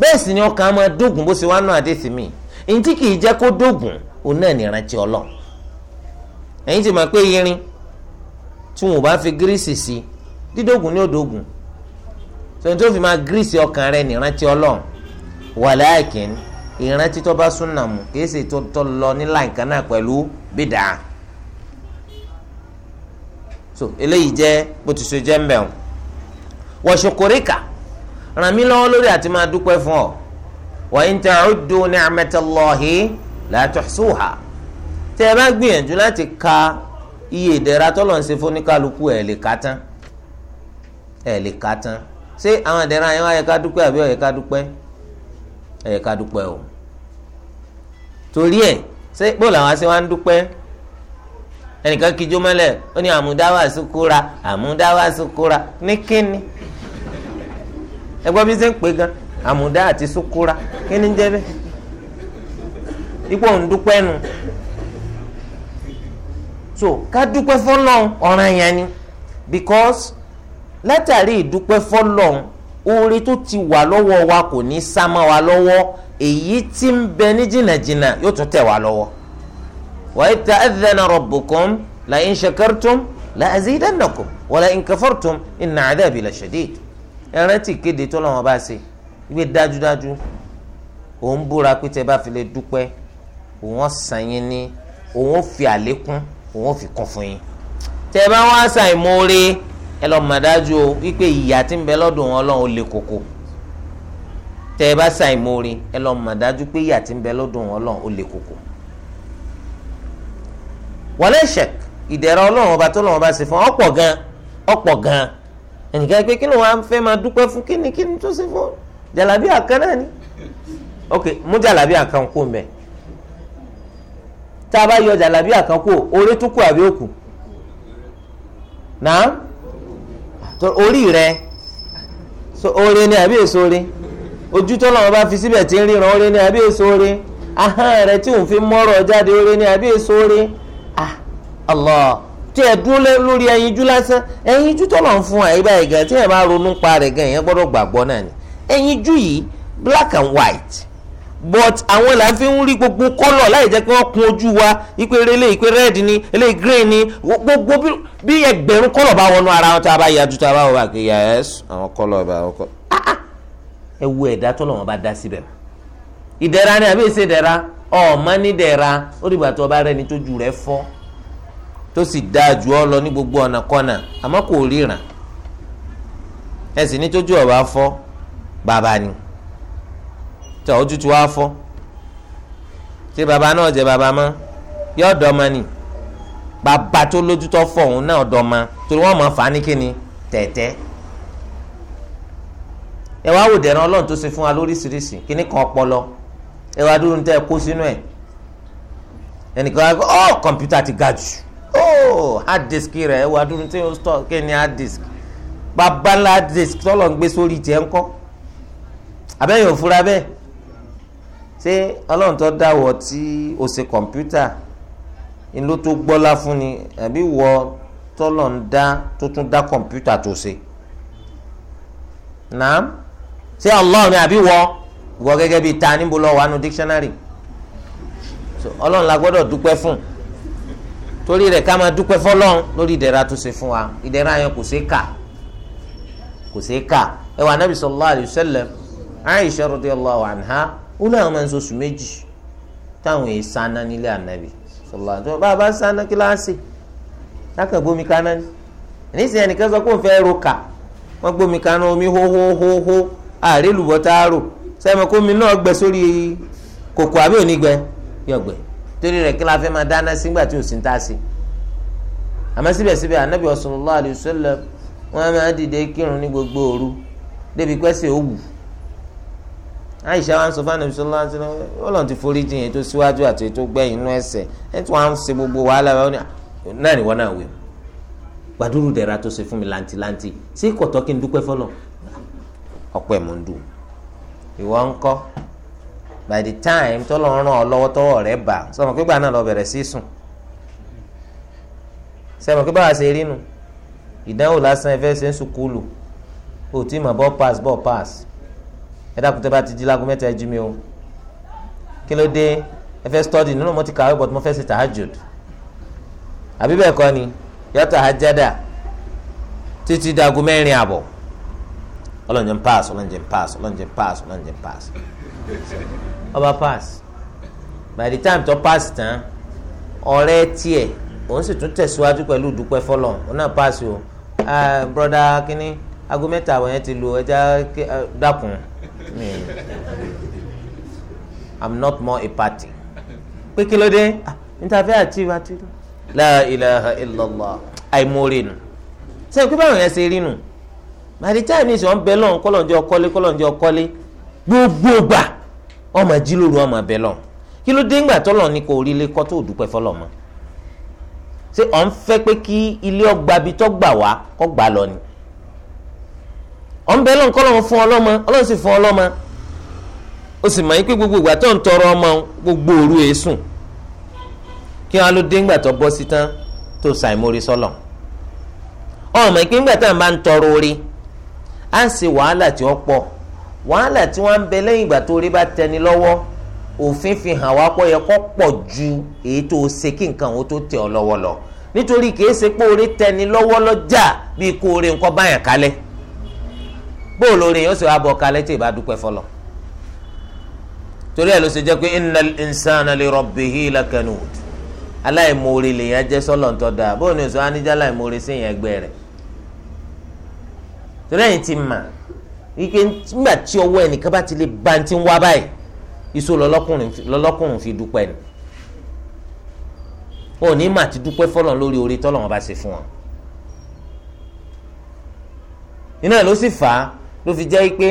bẹ́ẹ̀ sì ni ọkàn máa dógùn bó ṣe wá náà àdéhìí mi èyí tí kìí jẹ́ kó dógùn òun náà ní ìrántí Ọlọ́run ẹ̀yin ti mọ̀ pé irin tí wọn bá fi gírísì sí i dídógùn ní òdògùn sọ ní tó fi máa gírísì ọkàn rẹ nìrántí ọlọ́run wàláàkín ìrántí tó bá súnà mu kì í ṣe tó tọ́ lọ nílà nǹkan náà pẹ̀lú bídà so eléyìí jẹ́ bó ti ṣe jẹ́ ń bẹ̀rù wọ̀ṣọ̀kọ̀ríkà ràn mí lọ́wọ́ lórí àti máa dúpẹ́ fún ọ wa in ta'uddu ni'matallahi la tuhsuha tẹ́ ẹ bá gbìyànjú láti ka iye ìdẹ̀ra tọ́lọ̀ ń ṣe fún oníkálukú ẹ̀ lè ka tán ẹ lè ka tán ṣé àwọn ìdẹ̀ra yẹn wá yẹ ká dúpẹ́ àbí ó yẹ ká dúpẹ́ ẹ yẹ ká dúpẹ́ o torí ẹ ṣé bó làwọn ṣe wá ń dúpẹ́ ẹnìkan kíjó mọ́lẹ̀ ó ní àmúdáwà sukura àmúdáwà sukura ní kíni ẹ gbọ́ bí ṣe ń pè gan àmúdá àti sukura kíni ń jẹ́ bẹ́ẹ̀ ipò ń dúpẹ́ nu so ká dúpẹ́ fọ́nà ọ̀ràn yẹn ni because látàrí ìdúpẹ́ fọlọ́n oore tó ti wà lọ́wọ́ wa kò ní sá mọ́ wa lọ́wọ́ èyí tí ń bẹ ní jìnnàjìnnà yóò tún tẹ̀ wá lọ́wọ́. wa idh ta'adhana rabbukum la in shakartum la azidannakum wa la in kafartum inna adhabi la shadid. ẹran tí kéde tó lọ́wọ́ bá ṣe gbé dájúdájú òun búra pé tẹ́ bá fi lè dúpẹ́ òun sàn yín ní òun fi àlékún òun fi kún fún yín. tẹ́ bá wá sàn ìmoore ẹ lọ mọ̀ o wípé ìyá tí ń bẹ lọ́dọ̀ wọn le koko tẹ ẹ bá ṣàìmoore ẹ lọ mọ̀ dájú pé ìyá tí ń bẹ wọn le koko. wọlé isek! ìdẹ̀ra Ọlọ́run ọba tó lọ́wọ́ bá ṣe fún ọ̀pọ̀ gan ọ̀pọ̀ gan ẹnìkan pé kí ló wàá fẹ́ máa dúpẹ́ fún kí ni kí ni tó ṣe fún jàlábí àkàn náà ni ok mú jàlábí àkàn tá a bá yọ jàlábí àkàn orí tó kù àbí òkú náà. orí rẹ oore ni àbí èso oore ojú tó lọ́wọ́ bá fi síbẹ̀ tí ń ríran oore ni àbí èso oore ahọ́n rẹ tí òun fi mọ́rọ̀ jáde oore ni àbí èso oore ah Allah tí ẹ dúró lórí ẹyinjú lásán ẹyinjú tó lọ́n fún ẹ gan tí ẹ bá ronú pa gan ni yìí black and white but àwọn là ń fi ń rí gbogbo kọ́lọ̀ láì jẹ́ pé wọ́n kun ojú wa ipe eré ipe red ni eré green ni gbogbo bí ẹgbẹ̀rún kọ́lọ̀ bá wọnú ara wọn tá a bá yájú tá a bá wọ bá kì í yà ẹ́s àwọn kọ́lọ̀ bá wọn kọ́. Ah, ah. ẹ wo ẹ̀dá tọ́lọ̀ wọn bá dá síbẹ̀ ìdẹ̀ra ni àbí èsè dẹ̀ra ọ̀ọ́mọ ní dẹ̀ra ó dìgbà tó o bá rẹni tójú rẹ fọ́ tó sì dáa jù ọ lọ ní gbogbo ọ̀nà kọ́nà àmọ́ kò ríran ẹ sì ní tójú ọ̀ bá fọ́ bàbá ni tọ ojú tí wàá fọ́ ṣé baba náà jẹ baba mọ́ yọ dọ́mọ ni baba tó lójú tó fọ́ òun náà dọ́mọ torí wọ́n mọ̀ fà á ní kíni tẹ̀tẹ́ ẹ wá wò dẹ̀rán ọlọ́run tó ṣe fún wa lóríṣiríṣi kíní kan ọpọlọ ẹ wá dúró ní ẹ kó sínú ẹ̀ ẹnìkan wá ọ oh, kọ̀mpútà ti ga jù ó oh, hard disk rẹ̀ ẹ wá dúró ní tẹ́ ẹ kí ni hard disk babalá hard disk tọ́lọ̀ ń gbé sórí jẹ́ ńkọ́ abẹ́yẹ̀ òfurabẹ́ẹ́ ṣé ọlọ́run tó dáwọ́ tí o ṣe kọ̀ǹpútà ń ló tó gbọ́lá fún ni àbí wọ́ tọ́lọ̀ ń dá tó tún dá kọ̀ǹpútà tó ṣe naam ṣé ọlọ́run àbí wọ́ wọ́ gẹ́gẹ́ bíi ta níbo lọ́wọ́ àánú dictionary ọlọ́run la gbọ́dọ̀ dúpẹ́ fún torí rẹ̀ ká máa dúpẹ́ fọlọ́run lórí ìdẹ̀ra tó ṣe fún wa ìdẹ̀ra yẹn kò ṣeé kà kò ṣeé kà ẹ wà Ànábì sallallahu alaihi wasallam Aisha radiyallahu anha. ó láwọn máa meji sọ̀sù méjì táwọn èyí sáná nílé ànábì sọlá tó bá a bá sáná kíláàsì lákàn gbómi kaná ni nísìnyí ẹnìkan sọ pé òun fẹ́ ro kà omi hóhóhóhó tá a rò sẹ́mi kó mi náà gbẹ sórí kòkò àbí òní gbẹ torí rẹ̀ kí la máa dáná sígbà tí ò sí ń ànábì máa dìde kírun ní gbogbo òru àyíṣà wa ń sọ fáwọn ẹbíṣọ lọ́wọ́ àti ọlọ́run ti forí jìn ètò síwájú àti ètò gbẹ̀yìn inú ẹsẹ̀ ẹ̀ tí wọ́n á ṣe gbogbo wàhálà wọn náà ni wọ́n náà wí. gbàdúrú dẹ̀ra tó ṣe fún mi làǹtìlanti sí kọ̀tọ́ kí n dúpẹ́ fọlọ́ ọ̀pẹ́ mò ń dùn. ìwọ ń kọ́ by the time tọ́lọ́ ń ràn ọ́ lọ́wọ́ tọ́wọ́ rẹ̀ bà sọ̀rọ̀ pé gbà náà lọ bẹ̀rẹ̀ sí sùn sẹ́mi pé báwa ṣe rí nu ìdánwò lásán ẹ fẹ́ ṣe ń sùkúlù òtí mà bọ́ pass bọ́ pass ẹ dákun tẹ́ bá ti di láago mẹ́ta ẹ jí mi o kí ló dé ẹ fẹ́ stọọdì nínú mo ti kàwé bọtú mo fẹ́ ṣe tahajud àbí bẹ́ẹ̀ kọ́ ni yọ hajada. títí dago mẹ́rin àbọ̀ ọlọ́njẹ́ ń pass ọlọ́njẹ́ ń pass ọlọ́njẹ́ ń pass ọlọ́njẹ́ ń pass ọba pass by the time tó pass tán ọ̀rẹ́ tiẹ̀ òun sì tún tẹ̀síwájú pẹ̀lú dúpẹ́ fọlọ́ òun náà pass o ah, broda kínní aago mẹ́ta àwọn yẹn ti lu ẹja dákun mi i'm not more a party pé kí ló dé níta fẹ́ àtìwá tí la ilaha illallah àìmọ̀ọ́rẹ́ nù sẹ́yìn pé báwọn yẹn ṣe rí nù the time ní ìsìn wọn bẹ lọ́n kọ́lọ́njọ́ kọ́lé kọ́lọ́njọ́ kọ́lé gbogbo gbà ọmọ ìjìlóru ọmọ bẹ lọ́n kí ló dé ńgbà tọ́lọ̀ ní kò rí ilé kọ́ tó dúpẹ́ fọlọ́mọ ṣé ọ̀ ń fẹ́ pé kí ilé ọgbà bíi tọ́gbà wá kọ́ lọ ni ọ̀nbẹ lọ́n kọ́ fún ọlọmọ ọlọ́run sì fún ọlọmọ ó sì gbogbo ìgbà tó ń tọrọ ọmọ gbogbo òru èésùn kí wọn ló dé ńgbà tó bọ́ sí tán tó ṣàìmórí sọ́lọ̀ ọmọ ìpín ńgbà tá ń bá tọrọ orí á ń ṣe wàhálà tí wàhálà tí wọ́n ń bẹ lẹyìn ìgbà tó tẹni lọwọ òfin fi hàn wá pọ yẹ kó pọ ju èyí tó ṣe kí nǹkan tó nítorí ṣe bó olórin yóò ṣe wá bọ̀ kalẹ̀ tí ìbá dúpẹ́ fọlọ́ torí ẹ̀ ló ṣe jẹ́ pé innal insana li rabbihi lakanud aláìmoore lèyàn jẹ́ sọ́lọ̀ ńtọ́ da bó ni sọ anijá aláìmoore sí ìyẹn ẹgbẹ́ rẹ̀ torí ẹ̀yìn ti mà wípé nígbà tí ọwọ́ ẹnìkan bá ti lè ba ti ń wá báyìí iṣu lọ́lọ́kùnrin fi dúpẹ́ ni òní mà ti dúpẹ́ fọlọ́ lórí orí tọ́lọ́wọ́n ṣe fún wọn iná ló sì fà á ló fi jẹ́ pé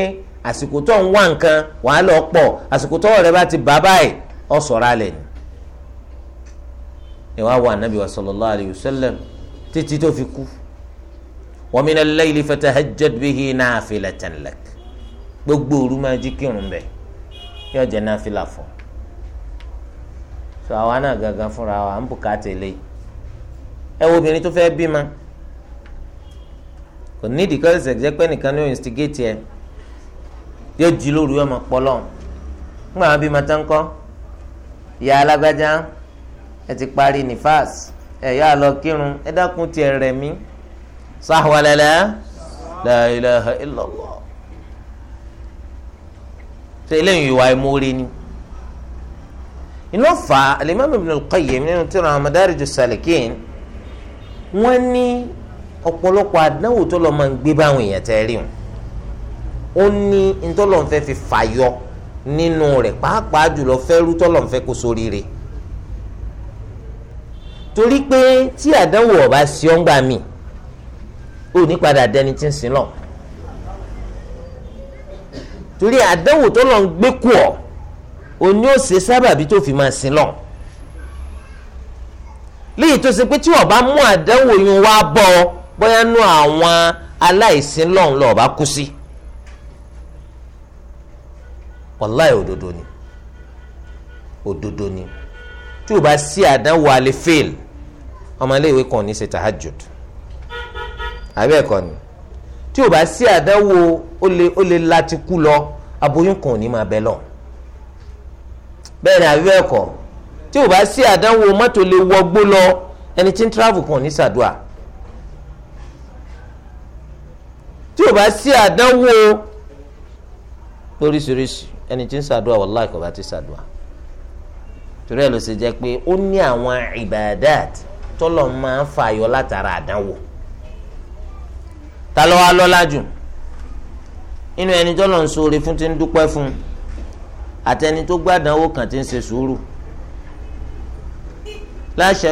àsìkò tó ń wá nǹkan wàhálà ọ̀pọ̀ àsìkò tó bá ti bà báyìí ọ̀ sọ̀rọ̀ alẹ̀ ni. ìwà wà nàbí wa sallallahu fi kú gbogbo òru máa jí kírun bẹ̀ yóò jẹ́ so wa ń bùkátà ẹ wo obìnrin tó kò nídìí kọ́ ẹsẹ̀ jẹ́ pé nìkan ní instigate ẹ̀ yóò jí lóru yóò máa pọ́ lọ́n ńgbà wọn bí mata ń kọ́ ìyá alágbájá ẹ ti parí nífàs ẹ yá lọ kírun ẹ dákun tiẹ̀ rẹ̀ mí sáwalẹ̀lẹ̀ la ilaha illallah ṣe eléyìí ìwà ìmúre ni iná fa alimami ibn al-Qayyim nínú tírà Madarij as-Salikin wọ́n ní ọ̀pọ̀lọpọ̀ àdánwò tó lọ́ máa ń gbé báwọn èèyàn tẹ́ rí wọn ó ní ntọ́lọ́nfẹ́ fi fàyọ nínú rẹ̀ pàápàá jùlọ fẹ́rú tọ́lọ́nfẹ́ kó soríire torí pé tí àdánwò ọba sí ọ́ ń gbà mí ò ní padà dẹni tí ń sin lọ torí àdánwò tọ́lọ́ ń gbé kù ọ́ ò ní ó ṣe sábàbí tó fi máa sin lọ léyìí tó ṣe pé tí ọba mú àdánwò yun wá bọ́ ọ bóyá nú àwọn aláìsín lọ́hùn lọ́ọ̀ bá kú sí wàláì òdodo ni òdodo ni tí o bá sí àdánwò alẹ́ fail ọmọléèwé kan ní ṣe tahajud àbí ẹ̀kọ́ ni tí o bá sí àdánwò ó lè ó lè láti kú lọ aboyún kan ò ní máa bẹ lọ bẹ́ẹ̀ ni àbí ẹ̀kọ́ tí o bá sí àdánwò mọ́tò lè wọgbó lọ ẹni tí ń travel kan ní ṣàdúrà tí o bá sí àdánwò lóríṣiríṣi ẹni tí ń ṣàdúrà wàláì kò bá ti ṣàdúrà torí ẹ ló ṣe jẹ́ pé ó ní àwọn ibadat tọ́lọ̀ máa ń fààyọ látara àdánwò ta ló wá lọ́lá jù nínú ẹni tọ́lọ̀ ń ṣoore fún ti ń dúpẹ́ fún àtẹni tó gbàdánwò kan ti ń ṣe sùúrù láṣẹ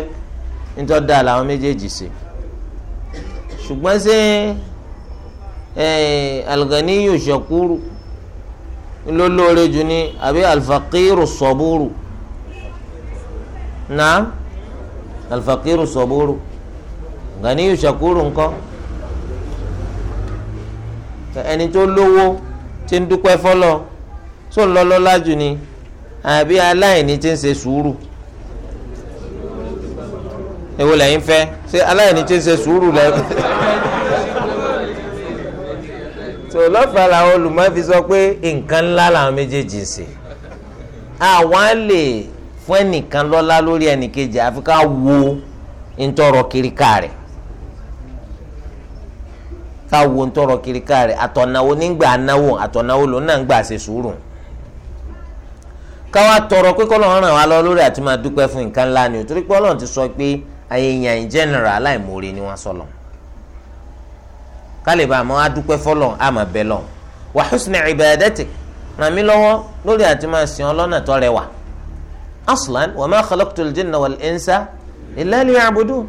nítorí dáa làwọn méjèèjì ṣe ṣùgbọ́n ṣé. Eh, alganiyu shakuru ló lóore jù ní àbí alfaqiru sọbúrù naam alfaqiru sọbúrù ganiyu shakuru ńkọ́ ẹni tó lówó tí ń dúpẹ́ fọlọ́ tó ń lọ lọ́lá jù ní àbí aláìní tí ń ṣe sùúrù èwo lẹ́yìn fẹ́ ṣé aláìní tí ń ṣe sùúrù lẹ́yìn. so lọ́fà làwọn olùmọ̀ fi sọ pé nǹkan ńlá làwọn méjèèjì ń ṣe àwọn á lè fún ẹnìkan lọ́lá lórí wo ntọrọ kiriká rẹ̀ ká wo ntọrọ kiriká rẹ̀ àtọ̀nàwó nígbà anáwó àtọ̀nàwó lòun náà ń gbà ṣe sùúrù tọrọ pé kọ́lọ́run ràn wá lọ lórí àti máa dúpẹ́ fún nǹkan ńlá ni ò torí ti sọ pé in general aláìmoore ni wọ́n sọ kálí bá a mọ adúpẹ́ fọlọ́ àmọ́ bẹ́ lọ. wa husni ibadatik ràn mí lọ́wọ́ lórí àti máa sìn ọ́ lọ́nà tó rẹwà. aslan wa ma khalaqtul jinna wal insa illa liya'budun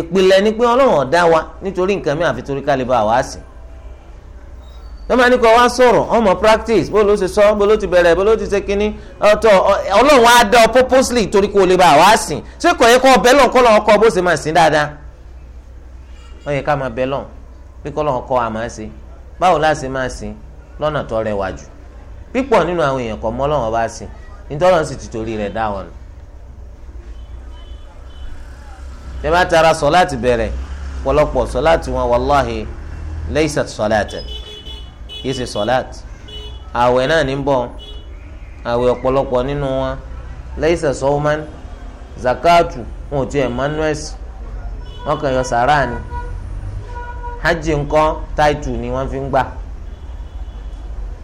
ìpìlẹ̀ ni pé ọlọ́run ọ̀dá wa nítorí nǹkan mi àfi torí kálí bá a wá sí. lọ́mọ ní kò wá sọ̀rọ̀ ọmọ practice bó ló ti sọ bó ló ti bẹ̀rẹ̀ bó ló ti ṣe kínní ọ̀tọ̀ ọlọ́run á dá ọ purposely torí kó o lè bá a wá sí. ṣé kò yẹ kó ọbẹ̀ lọ́nkọ́ lọ́nkọ́ bó ṣe máa sìn dáadáa. ó yẹ ká máa bẹ pé kọ́lọ́n kọ́ àmọ́ sí báwo láti máa sìn lọ́nà tó rẹwà jù pípọ̀ nínú àwọn èèyàn kọ́ mọ́lọ́wọ́n bá sìn nítorí sì ti torí rẹ̀ dá wọn. bí wọ́n tara sọ láti bẹ̀rẹ̀ pọ̀lọpọ̀ sọ láti wọn wàláhì laysat sọláàtẹ̀ kì í ṣe sọláàt àwẹ̀ náà ní bọ̀ àwẹ̀ ọ̀pọ̀lọpọ̀ nínú wọn laysat sọ́wọ́mán zakatu wọn ò tiẹ̀ mọ́nú wọn kàn yọ sàrà ni hajj nǹkan táìtù ni wọ́n fi ń gbà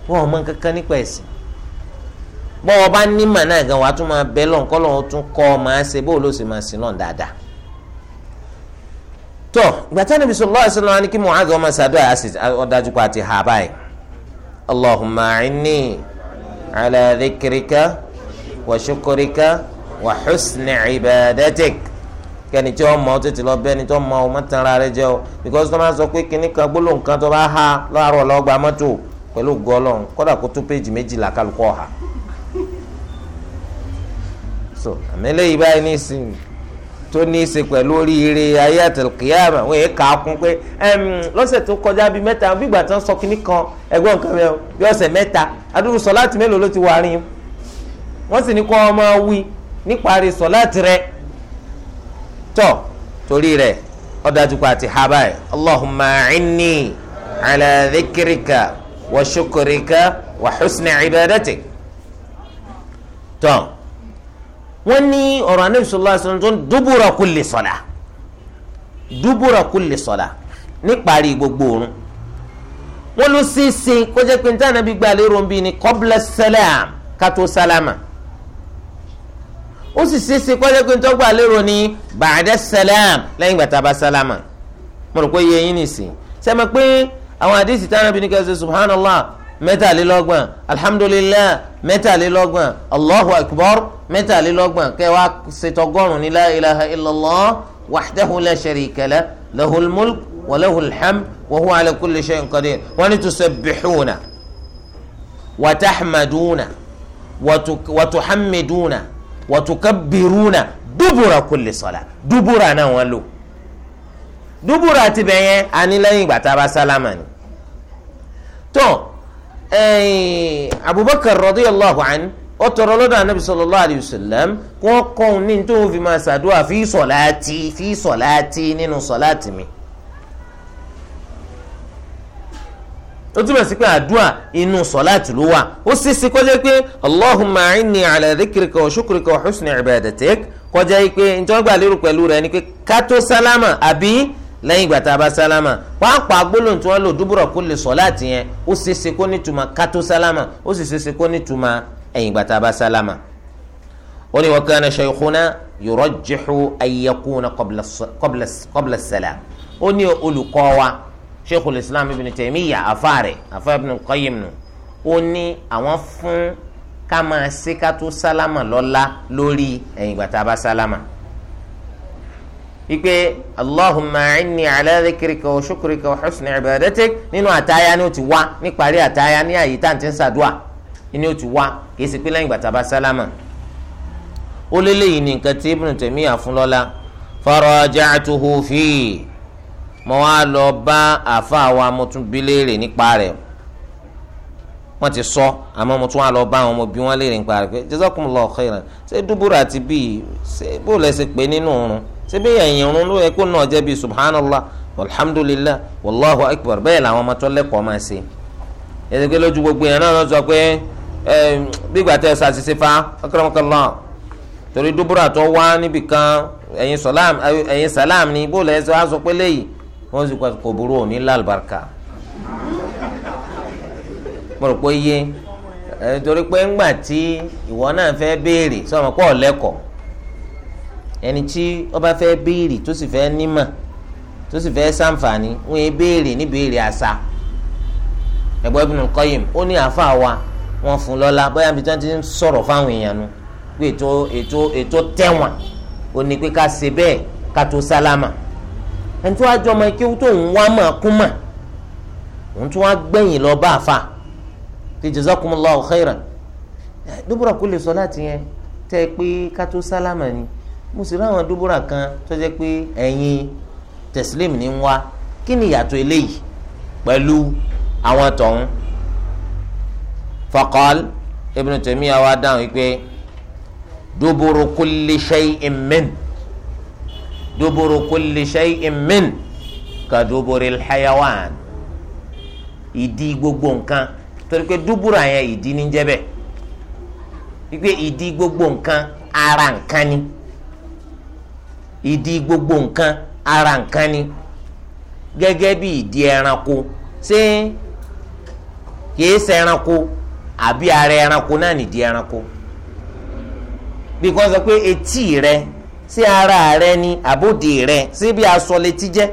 wọn ò mọ kankan nípa ẹ̀sìn bọ́wọ́ bá nímọ̀ náà gan wàá tún máa bẹ́ lọ́n kọ́ tún kọ́ ọ máa ṣe bóòlù sì máa sìn náà dáadáa tọ́ ìgbà tí Ànábì sallallahu alaihi wasallam ní kí Mu'adh ọmọ sàdúrà ọ̀dájú pa àti hà báyìí Allahumma a'inni ala dhikrika wa shukrika wa husni ibadatik. kẹ́ni tí ọmọ tètè lọ mọ ọ rẹ jẹ o because tó máa sọ pé kíní kan gbólóhùn kan tó bá ha láàárọ̀ lọ́gba mọ́tò pẹ̀lú gọlọ́n kó tó péjì méjìlá kálukọ́ ha so àmì eléyìí báyìí tó ní í ṣe pẹ̀lú oríire ayé kún pé lọ́sẹ̀ tó kọjá bíi mẹ́ta bí ìgbà sọ kan ẹgbọ́n mẹ́ta tọ́ torí rẹ̀ ọ̀dájú pa àti haba ẹ̀ allahumma inni ala dhikrika wa shukrika wa husni ibadatik tọ́ wọ́n ní ọ̀rọ̀ anabi sallallahu alaihi wasallam tó ń dubura kulli salah dubura kulli salah níparí gbogbo òrun wọ́n ló ṣeéṣe kó jẹ́ pé níta anabi gba ń bí ni qabla salam kátó sálámà ó sì ṣeéṣe kọ́jọ́ pé tó gbà lérò ní bàdẹ́ sẹlẹ̀m lẹ́yìn gbàtà bá sálámà mo rò pé iye yín nìsín sẹ́mi pé àwọn àdìsí táwọn ẹbí ní kẹ́sì subhanallah mẹ́tàlélọ́gbọ̀n alhamdulillah mẹ́tàlélọ́gbọ̀n allahu akbar mẹ́tàlélọ́gbọ̀n kẹwàá ṣètọ́gọ́rùn ní la ilaha illallah wahdahu la sharika lah lahul mulk wa lahul hamd wa huwa ala kulli shay'in qadir wa ni tusabbihuna wa tahmaduna wa tuhammiduna wa tukabbiruna dubura kulli sọ̀la dubura náà wọ́n lò dubura ti bẹ̀ yẹn anilẹ́yìn ìgbà tá a bá sálámà ni. tó Abubakar radiyallahu anhu ó tọrọ lọ́dọ̀ anabi sallallahu alayhi wa sallam wọ́n kọ́ ọ ní fi máa ṣàdúrà fi sọ̀láàtì fi sọ̀láàtì nínú sọ̀láàtì mi. ó túmọ̀ sí pé àdúrà inú sọ̀láàtì ló wà ó ṣeéṣe kó jẹ́ pé allahumma inni ala dhikrika wa shukrika wa husni ibadatik kó jẹ́ pé njọ́ gbà lérò pẹ̀lú rẹ̀ ni pé ká tó sálámà àbí lẹ́yìn ìgbà tá a bá sálámà pàápàá gbólóhùn tí wọ́n lò dúbúrọ̀ kó lè sọ̀láàtì yẹn ó ṣeéṣe kó nítumọ̀ ká tó sálámà ó sì ṣeéṣe kó nítumọ̀ ẹ̀yìn ìgbà tá a bá sálámà. ó ní wa kana shaykhuna yurajjihu an yakuna qabla qabla salam ó ní olùkọ́ wa sheikhul islam ibn taymiya afaare afa ibn qayyim nu ó ní àwọn fún ká máa ṣe ká tó sálámà lọ́lá lórí ẹ̀yìn ìgbà tá a bá sálámà ipe allahumma inni ala dhikrika wa shukrika wa husni ibadatik nínú àtayá ni ó ti wá níparí àtayá ní àyè tá à ń ti ń sàdúà ni ó ti wá kì sì pé lẹ́yìn bá sálámà ó lélẹ́yìn ní nǹkan tí ibn taymiya fún lọ́lá faraja'tuhu fi mo wá lọ bá àáfàá wa mo tún bi léèrè nípa rẹ̀ wọ́n ti sọ àmọ́ mo tún wá lọ bá àwọn ọmọ bí wọ́n léèrè nípa rẹ̀ pé jazakumullahu khairan ṣé dúbúrò àti bíi ṣé bó lẹ́sẹ̀ pé nínú òórùn ṣé bí ẹ̀yìn òórùn ló yẹ kó náà jẹ́ bíi subhanallah alhamdulillah wallahu akbar bẹ́ẹ̀ làwọn ọmọ tó lẹ́kọ̀ọ́ máa ṣe ẹ̀sìn pé lójú gbogbo yẹn náà sọ pé bí ìgbà tẹ́ ẹ àṣìṣe fa akramakallah torí dúbúrò àtọ́ wá níbìkan ẹ̀yìn sàlám ni bó lẹ́sẹ̀ wá sọ pé léyìí wọ́n sì kọ́ burú òní lálùbáríkà mo rò pé yé torí pé ńgbà tí ìwọ náà fẹ́ béèrè sọ̀rọ̀ pọ̀ lẹ́kọ̀ọ́ ẹni tí ó bá fẹ́ béèrè tó sì fẹ́ nímọ̀ tó sì fẹ́ sàǹfààní wọ́n yé béèrè ní béèrè àṣà ẹ̀gbọ́n Ibn Qayyim ó ní àáfà wa wọ́n fún lọ́lá bóyá ibi tí wọ́n ti ń sọ̀rọ̀ fáwọn èèyàn nu pé ètò ètò ètò tẹ̀wọ̀n ó ní pé ká ṣe bẹ́ẹ̀ ká tó sálámà ẹni tó wá jọ ọmọ ike tó ń wá máa kú mà òun tó wá gbẹ̀yìn lọ bá àfa kí jazakumullahu khairan dúbúrà kò lè sọ láti yẹn tẹ́ ẹ pé ká tó sálámà ni mo sì ráwọn dúbúrà kan tó jẹ́ pé ẹ̀yin tẹ̀sílẹ̀m ní ń wá kí ni ìyàtọ̀ eléyìí pẹ̀lú àwọn tọ̀hún faqal Ibn Taymiyyah wá dáhùn wípé dúbúrú kulli shay'in min duburu kulli shay'in min ka duburi alhayawan ìdí gbogbo nǹkan torí pé dúbúrò àyàn ìdí ní jẹ́bẹ̀ wípé ìdí gbogbo nǹkan ara nǹkan ni ìdí gbogbo nǹkan ara nǹkan ni gẹ́gẹ́ bí ìdí ẹranko ṣé kìí ṣe ẹranko àbí ara ẹranko náà nìdí ẹranko bí kò sọ pé etí rẹ sí ara rẹ ni àbòdì rẹ sí bí aṣọ létí jẹ́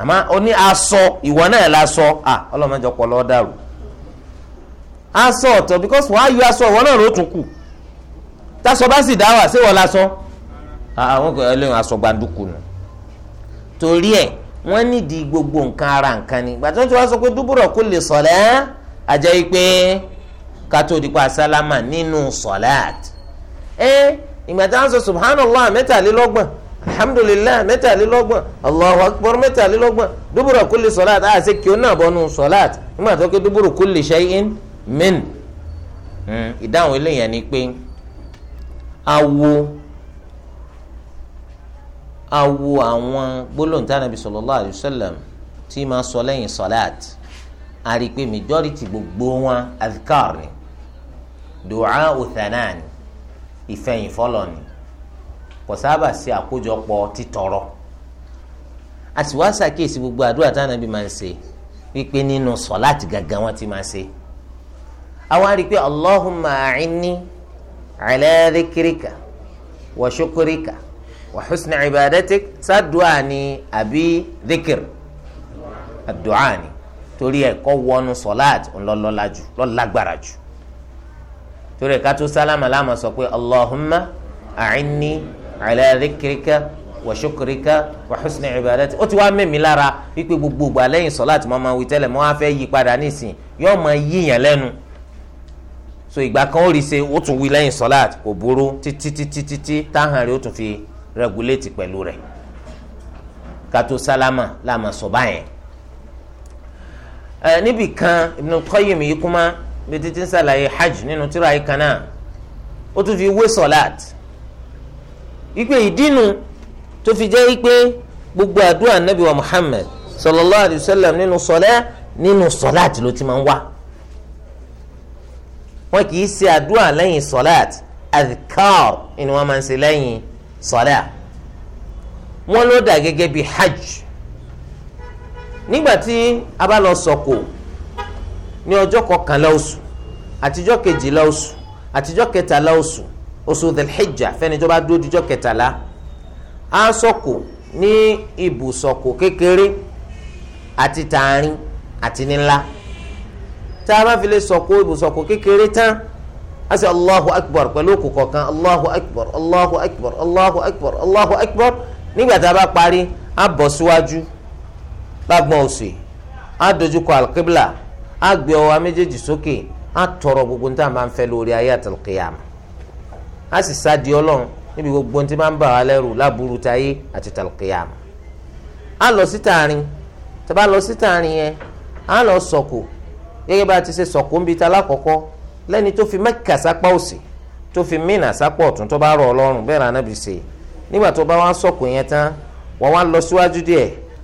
àmọ́ oní ní aṣọ ìwọ náà la sọ à ọlọ́mọdé ọpọlọ dàrú aṣọ ọ̀tọ̀ because wọ́n á yọ aṣọ ìwọ náà ló tún kù tásọ bá sì dá wà sí ìwọ la sọ àwọn kò lè aṣọ gbàdúkù nù torí ẹ̀ wọ́n nídìí gbogbo nǹkan ara nǹkan ni gbàtọ́ tí wọ́n sọ pé dúbúrọ̀ kò lè sọ̀lẹ́ àjẹ́ pé kátó dípa sálámà nínú sọ̀láàt ẹ́ ìgbà tá à ń sọ subhanallah mẹ́tàlélọ́gbọ̀n alhamdulilayi mẹ́tàlélọ́gbọ̀n allahu akbar mẹ́tàlélọ́gbọ̀n dubura kulli sọláàt a ṣe kí o náà bọ́nu sọláàt nígbà tó ké dubura kulli shay'in min. Hmm. ìdáhùn eléyàn ni pé awo awo àwọn gbólóhùn tí Ànábì sallallahu alayhi wa sallam tí máa sọ lẹ́yìn sọláàt a pé majority gbogbo wọn adhkar ni du'a uthanani ìfẹ̀yìn fọlọ̀ ni kò sábà ṣe àkójọpọ̀ títọrọ a sì wá ṣàkíyèsí gbogbo àdúrà táwọn ẹbí máa ń ṣe wípé nínú sọláàtì gangan wọn ti máa ṣe àwọn àrí pé allahumma a'inni ala dhikrika wa shukrika wa husni ibadatik sádùá ni àbí dhikr àdùá ni torí ẹ̀kọ́ wọnú sọláàtì ńlọlọ́lá jù lọ́lágbára jù torí ẹ̀ka tó sálámà láàmà sọ pé allahumma a'inni ala dhikrika wa shukrika wa husni ibadati ó ti wá mẹ́mi lára wípé gbogbo ìgbà lẹ́yìn sọ́láàtì mo máa wí tẹ́lẹ̀ mo wá fẹ́ yí padà nísìn yóò máa yíyàn lẹ́nu so ìgbà kan ó rí ṣe ó tún wí lẹ́yìn sọ́láàtì kò burú títí títí títí táhàn rẹ̀ ó tún fi rẹ́gúléètì pẹ̀lú rẹ̀ kátó sálámà láàmà sọ báyẹn níbì kan Ibn Qayyim yìí kúmá bí títí ń ṣàlàyé hajj nínú tírà yìí kan náà ó tún fi wé sọ̀láàt ìpè ìdínú tó fi jẹ́ ìpè gbogbo àdúrà nàbí wa Muhammad sallallahu alayhi wa sallam nínú sọ̀lẹ́ nínú sọ̀láàt ló ti máa ń wá wọn kì í ṣe àdúrà lẹ́yìn sọ̀láàt adhkar ni wọ́n máa ń ṣe lẹ́yìn sọ̀láàt wọ́n ló dà gẹ́gẹ́ bí hajj nígbà tí a bá lọ sọ̀kò. So ní ọjọ́ kọkànlá oṣù àtijọ́ kejìlá oṣù àtijọ́ kẹtàlá oṣù oṣù delhijja fẹ́ni tó bá dúró dijọ́ kẹtàlá á sọ̀kò ní ibùsọ̀kò kékeré àti tààrin àti nílá tá a bá fi lè sọ̀kò ibùsọ̀kò kékeré tán á sọ allahu akbar pẹ̀lú òkú kọ̀ọ̀kan allahu akbar allahu akbar allahu akbar allahu akbar nígbà tá a bá parí á bọ̀ síwájú lágbọ̀n òsè á dojúkọ alqibla. a gbé ọwọ́ méjèèjì sókè tọrọ gbogbo níta máa ń fẹ́ lórí ayé àtàlùkìyàmà a sì ọlọ́run níbi gbogbo tí máa ń bà wá lẹ́rù láburú táyé àti lọ sí tààrin tó lọ sí tààrin yẹn a ti ṣe sọ̀kò ń bi ta lákọ̀ọ́kọ́ lẹ́ni tó fi mẹ́kà sápá òsì tó fi mínà ọ̀tún tó bá ọlọ́run bẹ́ẹ̀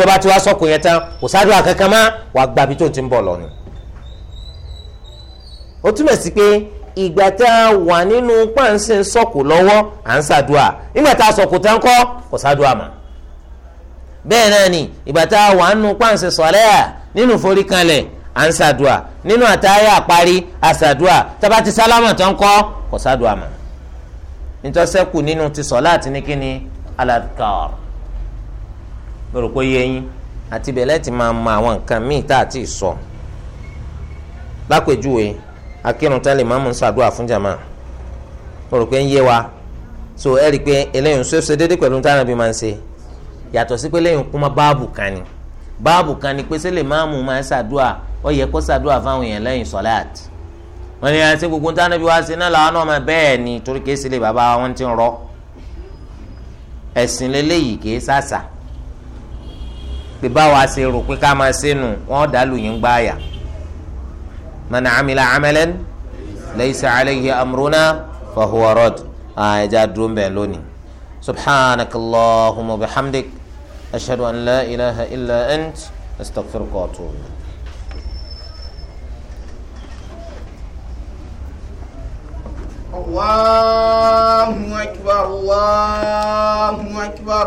tó bá ti wá sọkò yẹn tán kò sádùá kankan má wàá gba ibi tó ti ń bọ̀ lọ ni. ó túmọ̀ sí pé ìgbà tá a wà nínú páǹsì ń sọkò lọ́wọ́ à ń sàdùá nígbà tá a sọkò tán kọ́ kò sádùá mà. bẹ́ẹ̀ náà ni ìgbà tá a wà nínú páǹsì sọ̀lẹ́yà nínú foríkanlẹ̀ à ń sàdùá nínú àtàyà àparí àsàdùá tá bá ti sálámà tán kọ́ kò sádùá mà. nítọ́sẹ́kù nínú ti sọ̀lá àti ní kíni aladkar mo rò pé yé yín àti bẹ̀lẹ́ ti máa mọ àwọn nǹkan míì tá a ti sọ lápèjúwe akírun tẹ́lẹ̀ máa ń ṣàdúrà fún jàmá mo ń yé wa so ẹ rí i pé eléyìí ṣe ṣe déédéé pẹ̀lú táwọn ẹbí máa ń ṣe yàtọ̀ sí pé lẹ́yìn kúmọ báàbù kan ni báàbù kan ni pé sẹ́lẹ̀ máa mú máa ń ṣàdúrà ó yẹ kó ṣàdúrà fáwọn èèyàn lẹ́yìn sọ́láàtì wọ́n ní àti gbogbo táwọn ẹbí wa ṣe náà làwọn náà máa bẹ́ẹ̀ ni torí kìí sílẹ̀ bàbá wọn ti rọ ẹ̀sìn lélẹ́yìí kìí sàṣà pé báwa ṣe rò pé ká máa ṣe nù wọ́n dà lù yín gbáàyà man amila amalan laysa alayhi amruna fahuwa rad ẹja dúró ń bẹ̀ lónìí subhanaka allahumma bihamdik ashadu an la ilaha illa ant astaghfiruka wa الله أكبر الله أكبر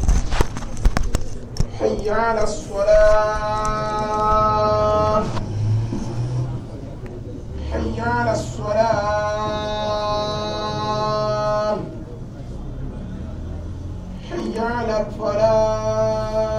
حي على الصلاة حي على الصلاة حي على الفلاح